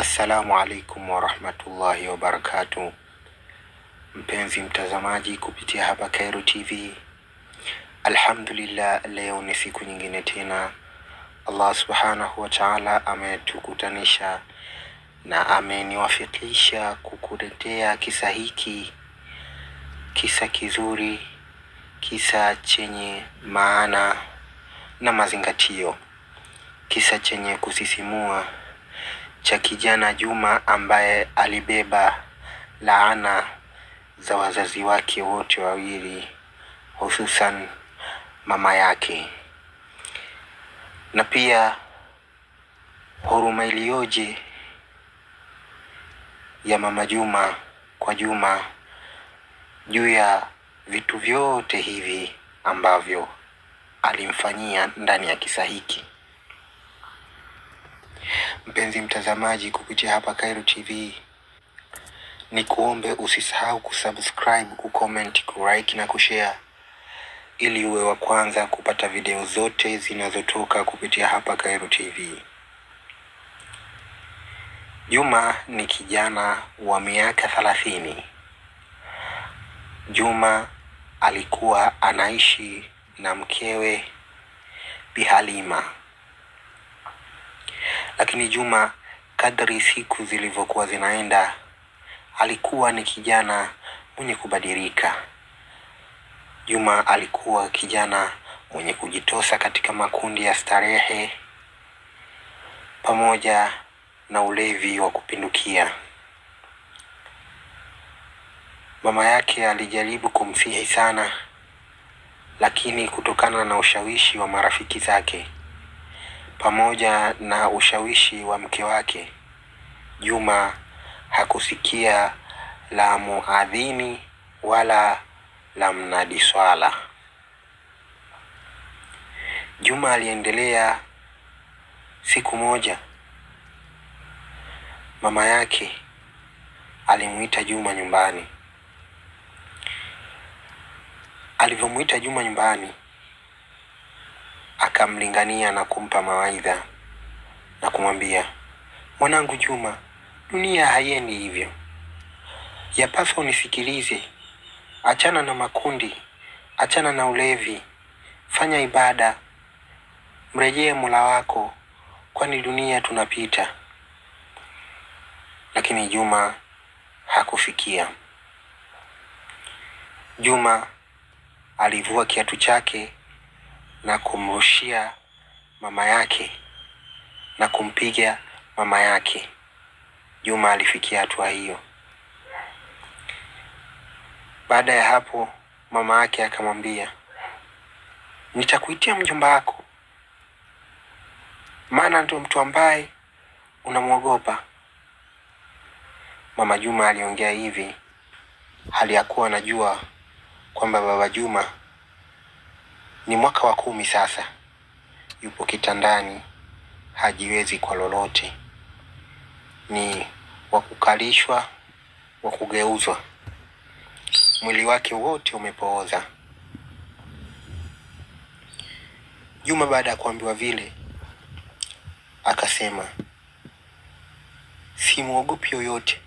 Assalamu alaikum warahmatullahi wabarakatuh, mpenzi mtazamaji kupitia hapa Khairo TV. Alhamdulillah, leo ni siku nyingine tena Allah subhanahu wa ta'ala ametukutanisha na ameniwafikisha kukuletea kisa hiki, kisa kizuri, kisa chenye maana na mazingatio, kisa chenye kusisimua cha kijana Juma ambaye alibeba laana za wazazi wake wote wawili, hususan mama yake, na pia huruma iliyoje ya mama Juma kwa Juma juu ya vitu vyote hivi ambavyo alimfanyia ndani ya kisa hiki mpenzi mtazamaji, kupitia hapa Khairo TV, ni kuombe usisahau kusubscribe, kucomment, kulike na kushare ili uwe wa kwanza kupata video zote zinazotoka kupitia hapa Khairo TV. Juma ni kijana wa miaka thelathini. Juma alikuwa anaishi na mkewe Bihalima Halima. Lakini Juma, kadri siku zilivyokuwa zinaenda, alikuwa ni kijana mwenye kubadilika. Juma alikuwa kijana mwenye kujitosa katika makundi ya starehe pamoja na ulevi wa kupindukia. Mama yake alijaribu kumsihi sana, lakini kutokana na ushawishi wa marafiki zake pamoja na ushawishi wa mke wake, Juma hakusikia la muadhini wala la mnadi swala. Juma aliendelea. Siku moja mama yake alimuita Juma nyumbani. Alivyomwita Juma nyumbani, akamlingania na kumpa mawaidha na kumwambia, mwanangu Juma, dunia haiendi hivyo, yapaswa unisikilize. Achana na makundi, achana na ulevi, fanya ibada, mrejee Mola wako, kwani dunia tunapita. Lakini Juma hakufikia. Juma alivua kiatu chake na kumrushia mama yake na kumpiga mama yake. Juma alifikia hatua hiyo. Baada ya hapo, mama yake akamwambia, nitakuitia mjomba wako, maana ndio mtu ambaye unamwogopa. Mama Juma aliongea hivi hali ya kuwa anajua kwamba baba Juma ni mwaka wa kumi sasa, yupo kitandani, hajiwezi kwa lolote, ni wa kukalishwa, wa kugeuzwa. Mwili wake wote umepooza. Juma baada ya kuambiwa vile akasema, simwogopi yoyote,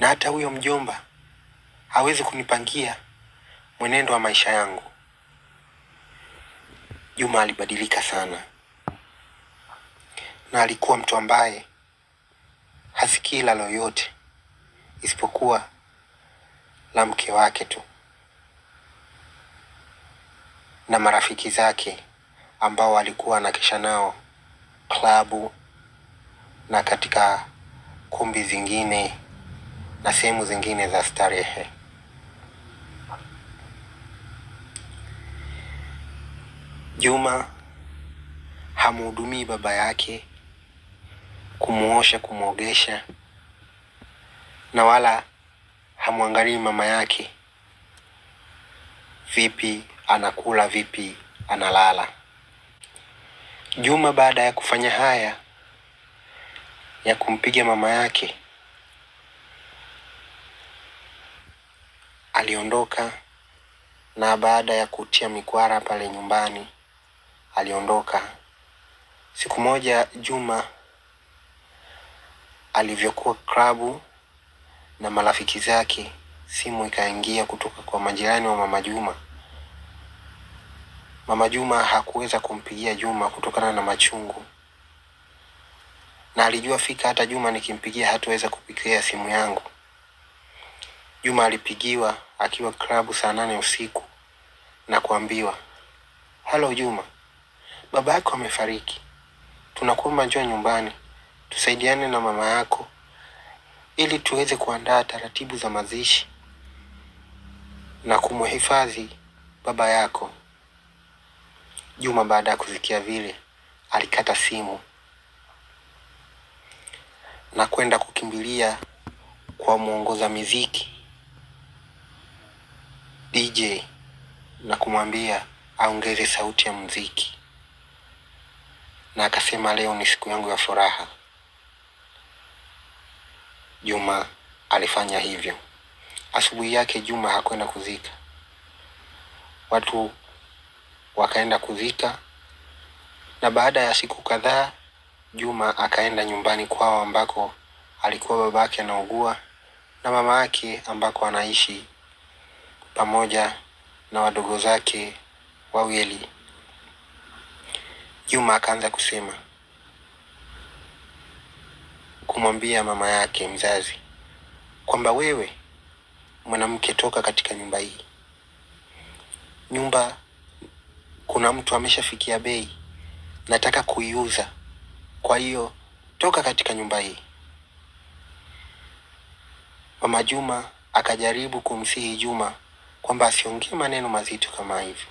na hata huyo mjomba hawezi kunipangia mwenendo wa maisha yangu, Juma alibadilika sana, na alikuwa mtu ambaye hasikii la loyote isipokuwa la mke wake tu na marafiki zake ambao alikuwa anakesha nao klabu na katika kumbi zingine na sehemu zingine za starehe. Juma hamhudumii baba yake, kumwosha, kumwogesha na wala hamwangalii mama yake, vipi anakula, vipi analala. Juma baada ya kufanya haya ya kumpiga mama yake, aliondoka na baada ya kutia mikwara pale nyumbani aliondoka. Siku moja Juma alivyokuwa klabu na marafiki zake, simu ikaingia kutoka kwa majirani wa mama Juma. Mama Juma hakuweza kumpigia Juma kutokana na machungu, na alijua fika hata Juma nikimpigia hatuweza kupikia simu yangu. Juma alipigiwa akiwa klabu saa nane usiku na kuambiwa, halo Juma, baba yako amefariki, tunakuomba njoo nyumbani tusaidiane na mama yako ili tuweze kuandaa taratibu za mazishi na kumhifadhi baba yako. Juma baada ya kusikia vile alikata simu na kwenda kukimbilia kwa mwongoza miziki DJ na kumwambia aongeze sauti ya muziki na akasema leo ni siku yangu ya furaha. Juma alifanya hivyo. Asubuhi yake Juma hakwenda kuzika, watu wakaenda kuzika, na baada ya siku kadhaa Juma akaenda nyumbani kwao ambako alikuwa babake anaugua na mama yake ambako anaishi pamoja na wadogo zake wawili. Juma akaanza kusema kumwambia mama yake mzazi kwamba wewe mwanamke, toka katika nyumba hii. Nyumba kuna mtu ameshafikia bei, nataka kuiuza, kwa hiyo toka katika nyumba hii. Mama Juma akajaribu kumsihi Juma kwamba asiongee maneno mazito kama hivyo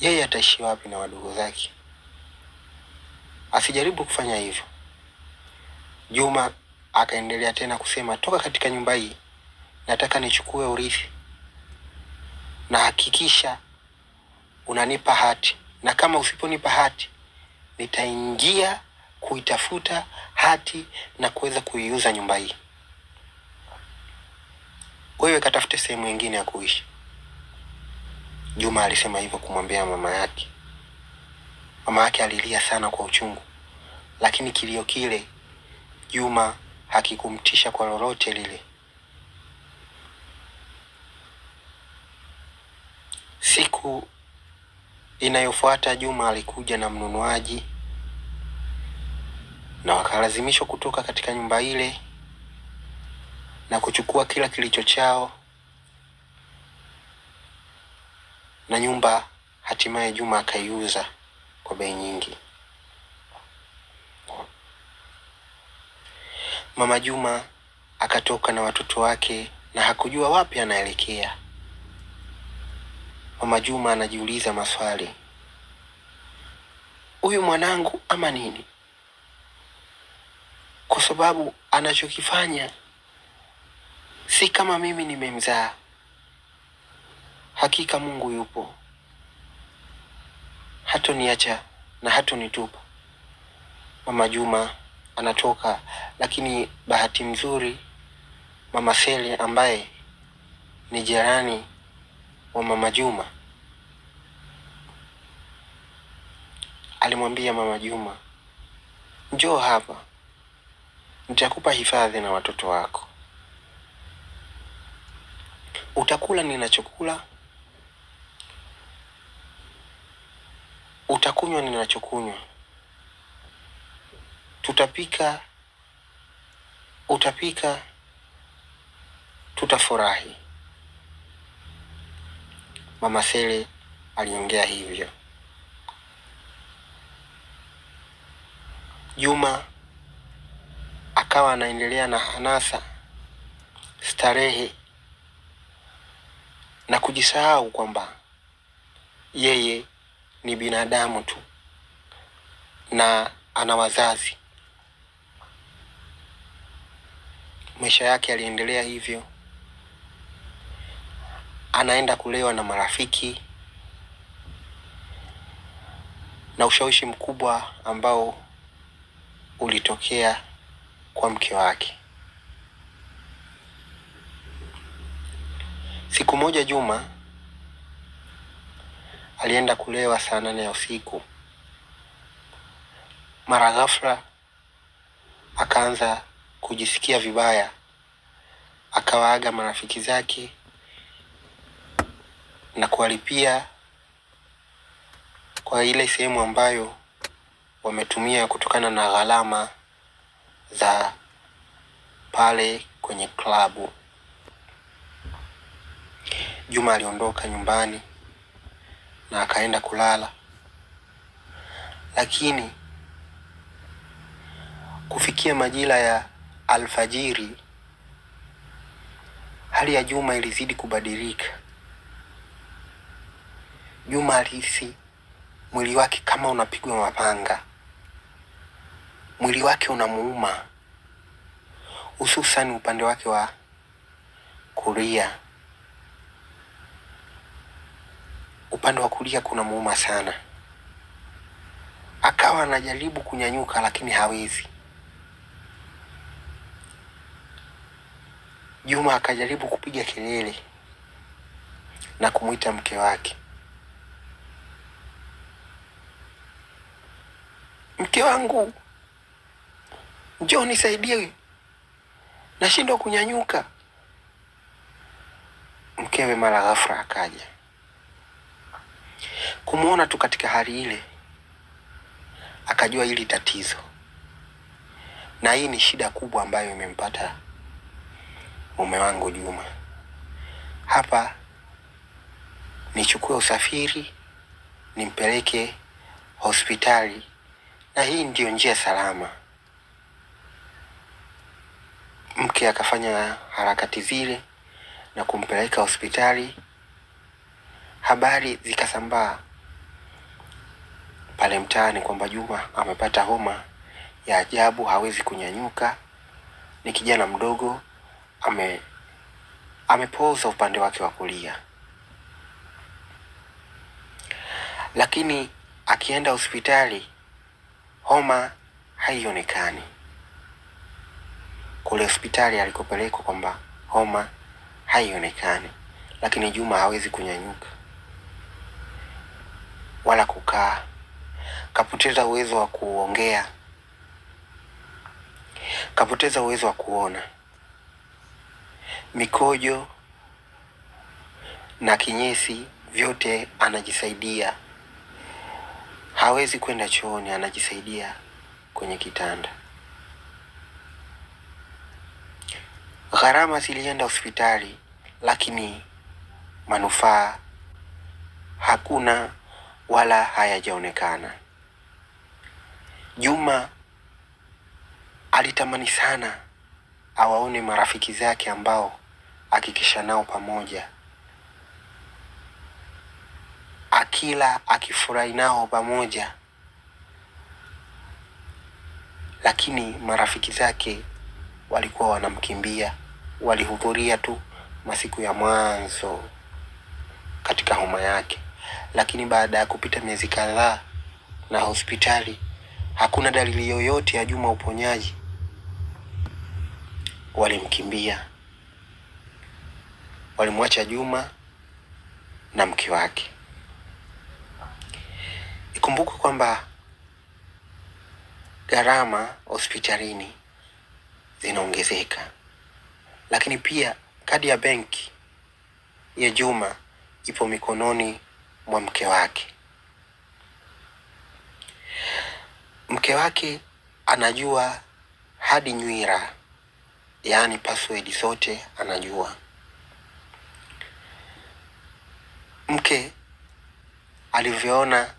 yeye ataishi wapi na wadogo zake? Asijaribu kufanya hivyo. Juma akaendelea tena kusema, toka katika nyumba hii, nataka nichukue urithi na hakikisha unanipa hati, na kama usiponipa hati nitaingia kuitafuta hati na kuweza kuiuza nyumba hii. Wewe katafute sehemu nyingine ya kuishi. Juma alisema hivyo kumwambia mama yake. Mama yake alilia sana kwa uchungu, lakini kilio kile Juma hakikumtisha kwa lolote lile. Siku inayofuata Juma alikuja na mnunuaji na wakalazimishwa kutoka katika nyumba ile na kuchukua kila kilicho chao na nyumba hatimaye Juma akaiuza kwa bei nyingi. Mama Juma akatoka na watoto wake na hakujua wapi anaelekea. Mama Juma anajiuliza maswali, huyu mwanangu ama nini? Kwa sababu anachokifanya si kama mimi nimemzaa. Hakika Mungu yupo, hatoniacha na hatonitupa. Mama Juma anatoka, lakini bahati mzuri Mama Seli ambaye ni jirani wa Mama Juma alimwambia Mama Juma, njoo hapa, nitakupa hifadhi na watoto wako, utakula ninachokula utakunywa ninachokunywa, tutapika, utapika, tutafurahi. Mama Sele aliongea hivyo. Juma akawa anaendelea na hanasa, starehe na kujisahau kwamba yeye ni binadamu tu na ana wazazi. Maisha yake yaliendelea hivyo, anaenda kulewa na marafiki na ushawishi mkubwa ambao ulitokea kwa mke wake. Siku moja Juma alienda kulewa saa nane ya usiku. Mara ghafla akaanza kujisikia vibaya, akawaaga marafiki zake na kuwalipia kwa ile sehemu ambayo wametumia kutokana na gharama za pale kwenye klabu. Juma aliondoka nyumbani na akaenda kulala, lakini kufikia majira ya alfajiri hali ya Juma ilizidi kubadilika. Juma alihisi mwili wake kama unapigwa mapanga, mwili wake unamuuma, hususan upande wake wa kulia. upande wa kulia kuna muuma sana. Akawa anajaribu kunyanyuka lakini hawezi. Juma akajaribu kupiga kelele na kumwita mke wake. Mke wangu, njoo nisaidie, nashindwa kunyanyuka. Mkewe mara ghafla akaja kumwona tu katika hali ile, akajua hili tatizo na hii ni shida kubwa ambayo imempata mume wangu Juma. Hapa nichukue usafiri nimpeleke hospitali, na hii ndiyo njia salama. Mke akafanya harakati zile na kumpeleka hospitali, habari zikasambaa pale mtaani kwamba Juma amepata homa ya ajabu, hawezi kunyanyuka. Ni kijana mdogo, ame amepooza upande wake wa kulia, lakini akienda hospitali homa haionekani. Kule hospitali alikopelekwa kwamba homa haionekani, lakini Juma hawezi kunyanyuka wala kukaa kapoteza uwezo wa kuongea, kapoteza uwezo wa kuona. Mikojo na kinyesi vyote anajisaidia, hawezi kwenda chooni, anajisaidia kwenye kitanda. Gharama zilienda hospitali, lakini manufaa hakuna wala hayajaonekana. Juma alitamani sana awaone marafiki zake ambao akikisha nao pamoja, akila akifurahi nao pamoja, lakini marafiki zake walikuwa wanamkimbia. Walihudhuria tu masiku ya mwanzo katika homa yake, lakini baada ya kupita miezi kadhaa na hospitali hakuna dalili yoyote ya Juma uponyaji. Walimkimbia, walimwacha Juma na mke wake. Ikumbuke kwamba gharama hospitalini zinaongezeka, lakini pia kadi ya benki ya Juma ipo mikononi mwa mke wake. mke wake anajua hadi nywira, yaani password zote anajua. Mke alivyoona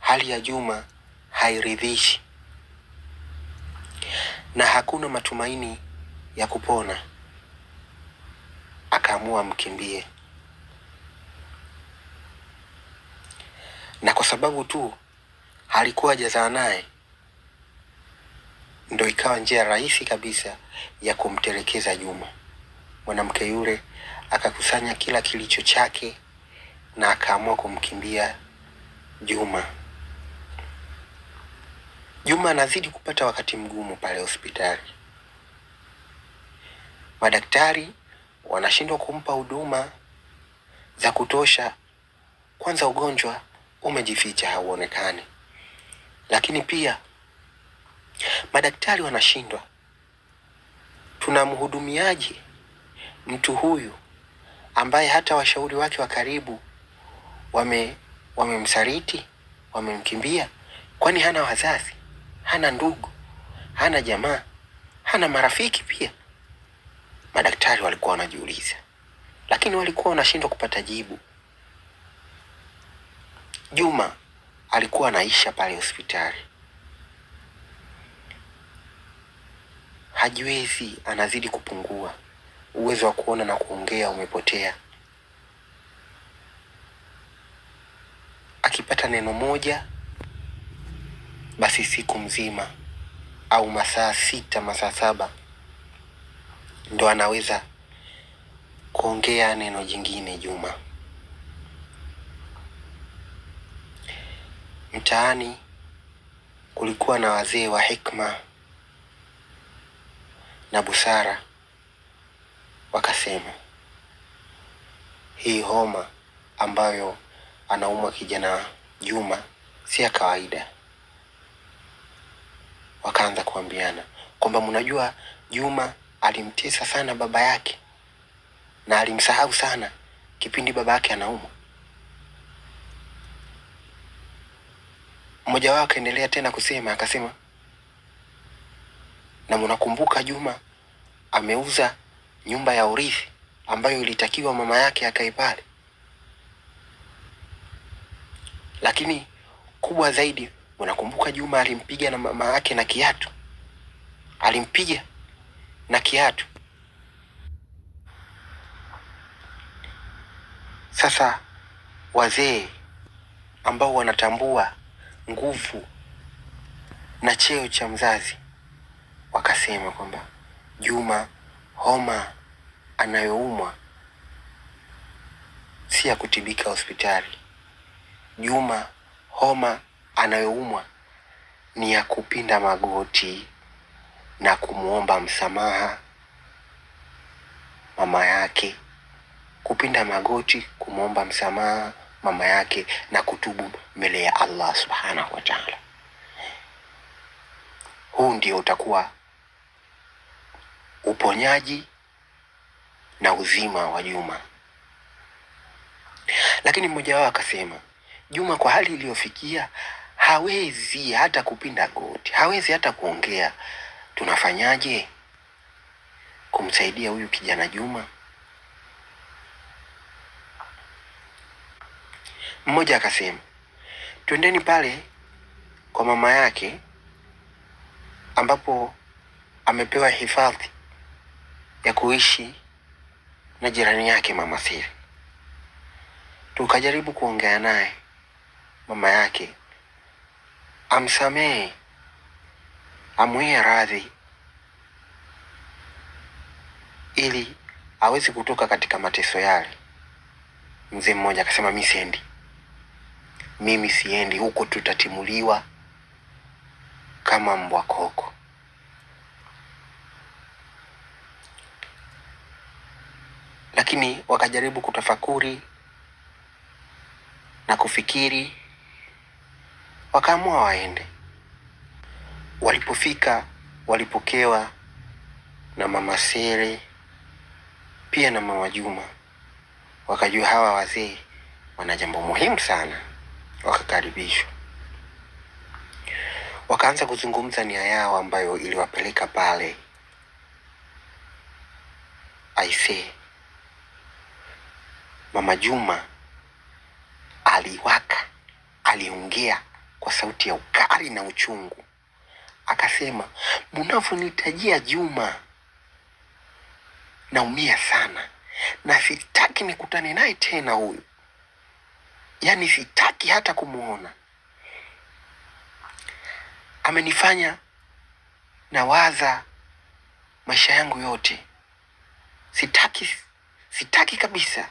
hali ya Juma hairidhishi na hakuna matumaini ya kupona, akaamua mkimbie na kwa sababu tu alikuwa hajazaa naye ndo ikawa njia rahisi kabisa ya kumtelekeza Juma. Mwanamke yule akakusanya kila kilicho chake na akaamua kumkimbia Juma. Juma anazidi kupata wakati mgumu pale hospitali. Madaktari wanashindwa kumpa huduma za kutosha. Kwanza ugonjwa umejificha hauonekani, lakini pia Madaktari wanashindwa, tunamhudumiaje mtu huyu ambaye hata washauri wake wa karibu wame wamemsaliti, wamemkimbia? Kwani hana wazazi, hana ndugu, hana jamaa, hana marafiki pia? Madaktari walikuwa wanajiuliza, lakini walikuwa wanashindwa kupata jibu. Juma alikuwa anaisha pale hospitali. hajiwezi, anazidi kupungua. Uwezo wa kuona na kuongea umepotea. Akipata neno moja basi siku mzima au masaa sita, masaa saba ndo anaweza kuongea neno jingine. Juma mtaani kulikuwa na wazee wa hikma na busara wakasema, hii homa ambayo anaumwa kijana Juma si ya kawaida. Wakaanza kuambiana kwamba mnajua, Juma alimtesa sana baba yake na alimsahau sana kipindi baba yake anaumwa. Mmoja wao akaendelea tena kusema akasema na mnakumbuka Juma ameuza nyumba ya urithi ambayo ilitakiwa mama yake akae pale. Lakini kubwa zaidi, mnakumbuka Juma alimpiga na mama yake na kiatu, alimpiga na kiatu. Sasa wazee ambao wanatambua nguvu na cheo cha mzazi wakasema kwamba Juma, homa anayoumwa si ya kutibika hospitali. Juma, homa anayoumwa ni ya kupinda magoti na kumwomba msamaha mama yake, kupinda magoti, kumwomba msamaha mama yake na kutubu mbele ya Allah subhanahu wa taala. Huu ndio utakuwa uponyaji na uzima wa Juma. Lakini mmoja wao akasema, Juma kwa hali iliyofikia hawezi hata kupinda goti, hawezi hata kuongea. Tunafanyaje kumsaidia huyu kijana Juma? Mmoja akasema, twendeni pale kwa mama yake ambapo amepewa hifadhi ya kuishi na jirani yake mama Siri. Tukajaribu kuongea naye, mama yake amsamehe, amwie radhi ili awezi kutoka katika mateso yale. Mzee mmoja akasema, mi siendi, mimi siendi huko, tutatimuliwa kama mbwa koko. lakini wakajaribu kutafakuri na kufikiri, wakaamua waende. Walipofika walipokewa na mama Sere pia na mama Juma. Wakajua hawa wazee wana jambo muhimu sana, wakakaribishwa wakaanza kuzungumza nia yao ambayo iliwapeleka pale aisee. Mama Juma aliwaka, aliongea kwa sauti ya ukali na uchungu, akasema, mnavyonitajia Juma, naumia sana na sitaki nikutane naye tena huyu, yaani sitaki hata kumwona. Amenifanya nawaza maisha yangu yote, sitaki, sitaki kabisa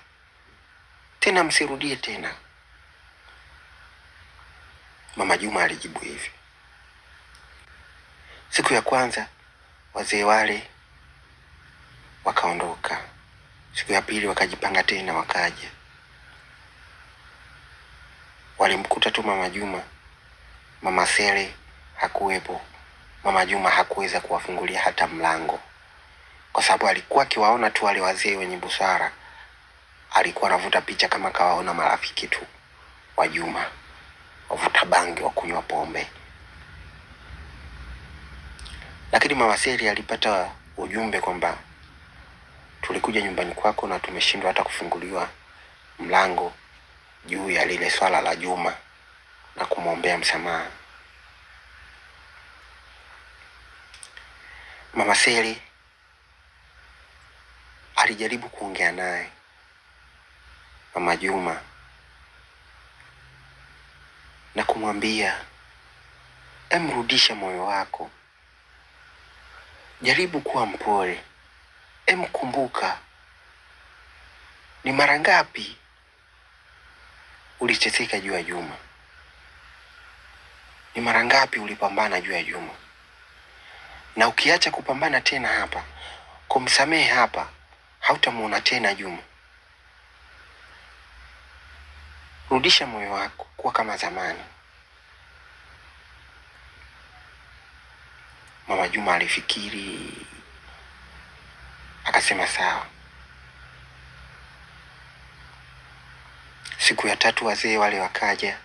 tena msirudie tena. Mama Juma alijibu hivi. Siku ya kwanza wazee wale wakaondoka. Siku ya pili wakajipanga tena, wakaja. Walimkuta tu mama Juma. Mama Sele hakuwepo. Mama Juma hakuweza kuwafungulia hata mlango, kwa sababu alikuwa akiwaona tu wale wazee wenye busara alikuwa anavuta picha kama kawaona marafiki tu wa Juma, wavuta bangi, wa kunywa pombe. Lakini mama Seli alipata ujumbe kwamba tulikuja nyumbani kwako na tumeshindwa hata kufunguliwa mlango juu ya lile swala la Juma na kumwombea msamaha. Mama Seli alijaribu kuongea naye Mama Juma na kumwambia emrudisha moyo wako, jaribu kuwa mpole, emkumbuka ni mara ngapi uliteseka juu ya Juma, ni mara ngapi ulipambana juu ya Juma. Na ukiacha kupambana tena hapa, kumsamehe hapa, hautamwona tena Juma. Rudisha moyo wako kuwa kama zamani. Mama Juma alifikiri akasema sawa. Siku ya tatu wazee wale wakaja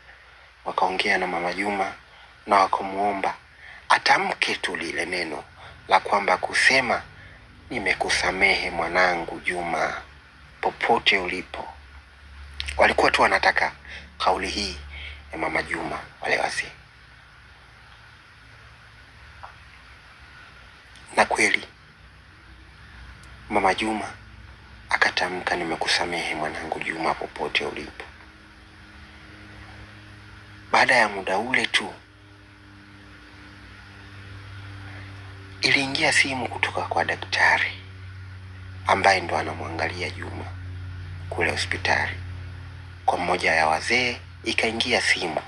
wakaongea na Mama Juma na wakamwomba atamke tu lile neno la kwamba kusema nimekusamehe mwanangu Juma, popote ulipo walikuwa tu wanataka kauli hii ya mama Juma wale wazee. Na kweli mama Juma akatamka, nimekusamehe mwanangu Juma, popote ulipo. Baada ya muda ule tu iliingia simu kutoka kwa daktari ambaye ndo anamwangalia Juma kule hospitali kwa mmoja ya wazee, ikaingia simu,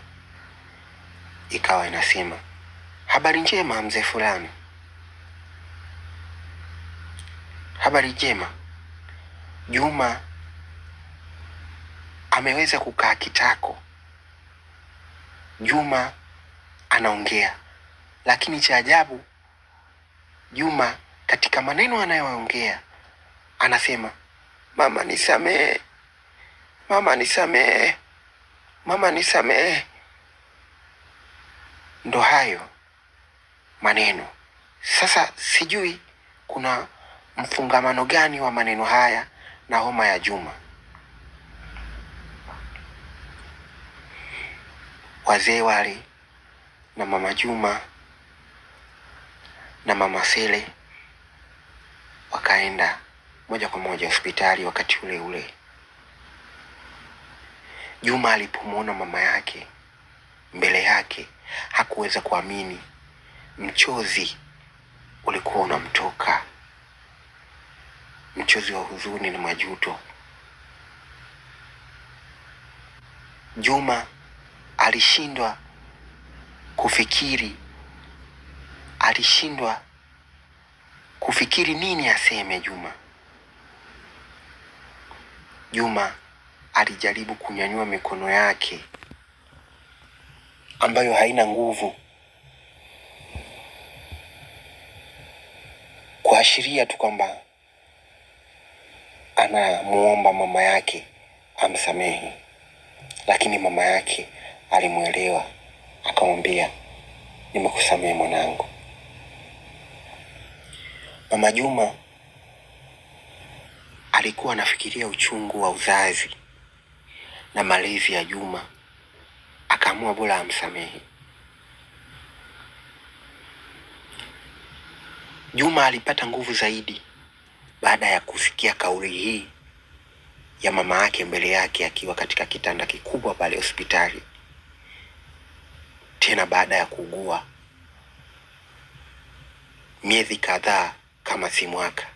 ikawa inasema, habari njema mzee fulani, habari njema. Juma ameweza kukaa kitako. Juma anaongea, lakini cha ajabu, Juma katika maneno anayoongea anasema, mama nisamehe Mama nisamehe, mama nisamehe. Ndo hayo maneno. Sasa sijui kuna mfungamano gani wa maneno haya na homa ya Juma. Wazee wale na mama Juma na mama Sele wakaenda moja kwa moja hospitali wakati ule ule. Juma alipomwona mama yake mbele yake hakuweza kuamini. Mchozi ulikuwa unamtoka, mchozi wa huzuni na majuto. Juma alishindwa kufikiri, alishindwa kufikiri nini aseme. Juma Juma alijaribu kunyanyua mikono yake ambayo haina nguvu, kuashiria tu kwamba anamuomba mama yake amsamehe, lakini mama yake alimwelewa, akamwambia nimekusamehe mwanangu. Mama Juma alikuwa anafikiria uchungu wa uzazi na malezi ya Juma, akaamua bora amsamehe Juma. Alipata nguvu zaidi baada ya kusikia kauli hii ya mama yake mbele yake akiwa katika kitanda kikubwa pale hospitali, tena baada ya kuugua miezi kadhaa kama si mwaka.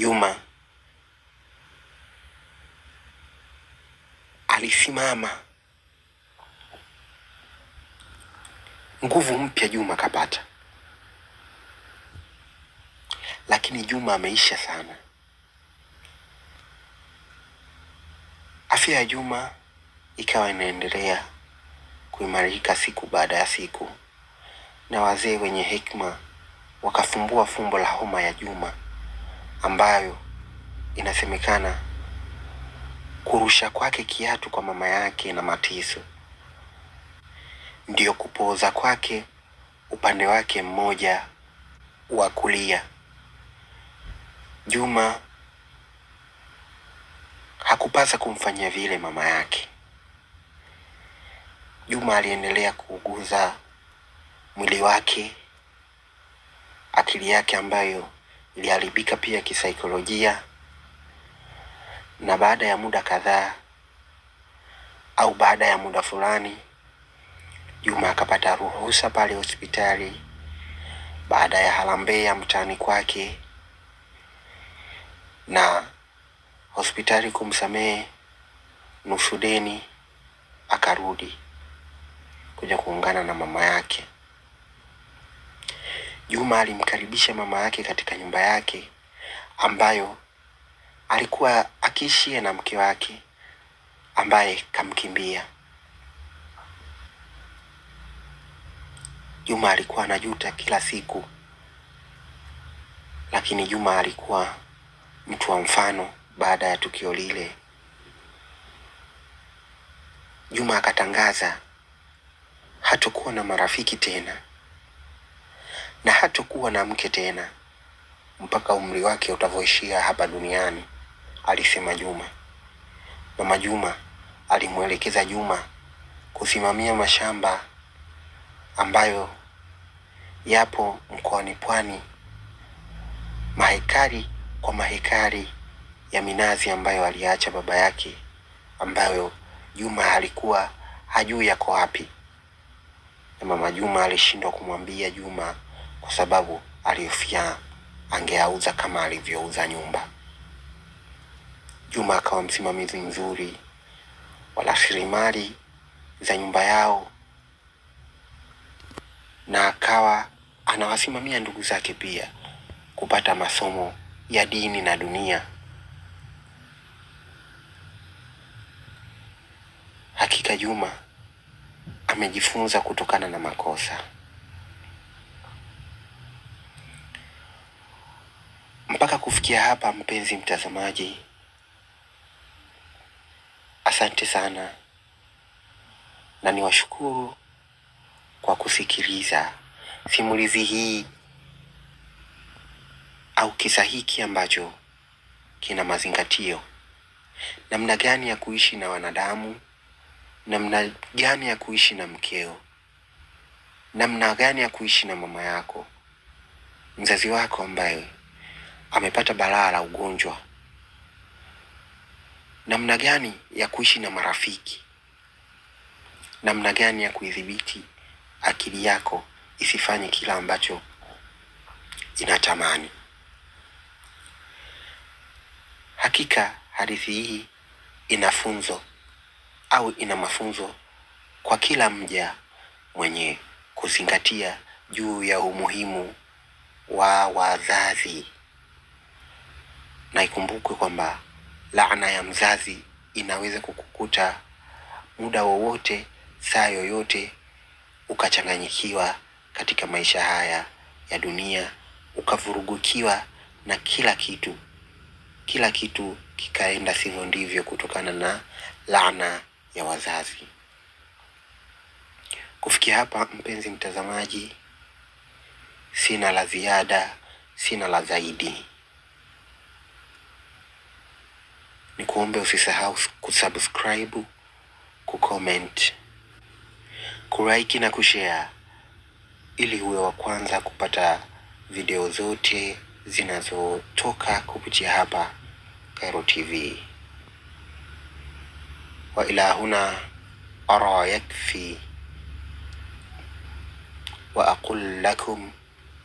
Juma alisimama. Nguvu mpya Juma kapata, lakini Juma ameisha sana. Afya ya Juma ikawa inaendelea kuimarika siku baada ya siku, na wazee wenye hekima wakafumbua fumbo la homa ya Juma ambayo inasemekana kurusha kwake kiatu kwa mama yake na Matiso ndiyo kupooza kwake upande wake mmoja wa kulia. Juma hakupasa kumfanyia vile mama yake. Juma aliendelea kuuguza mwili wake, akili yake ambayo iliharibika pia kisaikolojia, na baada ya muda kadhaa au baada ya muda fulani, Juma akapata ruhusa pale hospitali baada ya harambee mtaani kwake na hospitali kumsamehe nusu deni, akarudi kuja kuungana na mama yake. Juma alimkaribisha mama yake katika nyumba yake ambayo alikuwa akiishia na mke wake ambaye kamkimbia. Juma alikuwa anajuta kila siku, lakini Juma alikuwa mtu wa mfano. Baada ya tukio lile, Juma akatangaza hatakuwa na marafiki tena na hatokuwa na mke tena mpaka umri wake utavyoishia hapa duniani, alisema Juma. Mama Juma alimwelekeza Juma kusimamia mashamba ambayo yapo mkoani Pwani, mahekari kwa mahekari ya minazi ambayo aliacha baba yake, ambayo Juma alikuwa hajui yako wapi, na mama Juma alishindwa kumwambia Juma kwa sababu aliyofia angeauza kama alivyouza nyumba. Juma akawa msimamizi mzuri wa rasilimali za nyumba yao na akawa anawasimamia ndugu zake pia kupata masomo ya dini na dunia. Hakika Juma amejifunza kutokana na makosa. Mpaka kufikia hapa, mpenzi mtazamaji, asante sana na niwashukuru kwa kusikiliza simulizi hii au kisa hiki ambacho kina mazingatio, namna gani ya kuishi na wanadamu, namna gani ya kuishi na mkeo, namna gani ya kuishi na mama yako, mzazi wako ambaye amepata balaa la ugonjwa. Namna gani ya kuishi na marafiki, namna gani ya kuidhibiti akili yako isifanye kila ambacho inatamani. Hakika hadithi hii ina funzo au ina mafunzo kwa kila mja mwenye kuzingatia juu ya umuhimu wa wazazi na ikumbukwe kwamba laana ya mzazi inaweza kukukuta muda wowote, saa yoyote, ukachanganyikiwa katika maisha haya ya dunia, ukavurugukiwa na kila kitu, kila kitu kikaenda sivyo ndivyo, kutokana na laana ya wazazi. Kufikia hapa, mpenzi mtazamaji, sina la ziada, sina la zaidi. ni kuombe usisahau kusubscribe, kucomment, kuraiki na kushare ili uwe wa kwanza kupata video zote zinazotoka kupitia hapa Khairo TV. Wa ila huna ara yakfi wa aqul lakum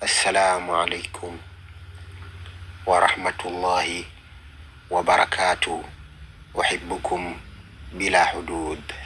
assalamu alaikum wa rahmatullahi وبركاته أحبكم بلا حدود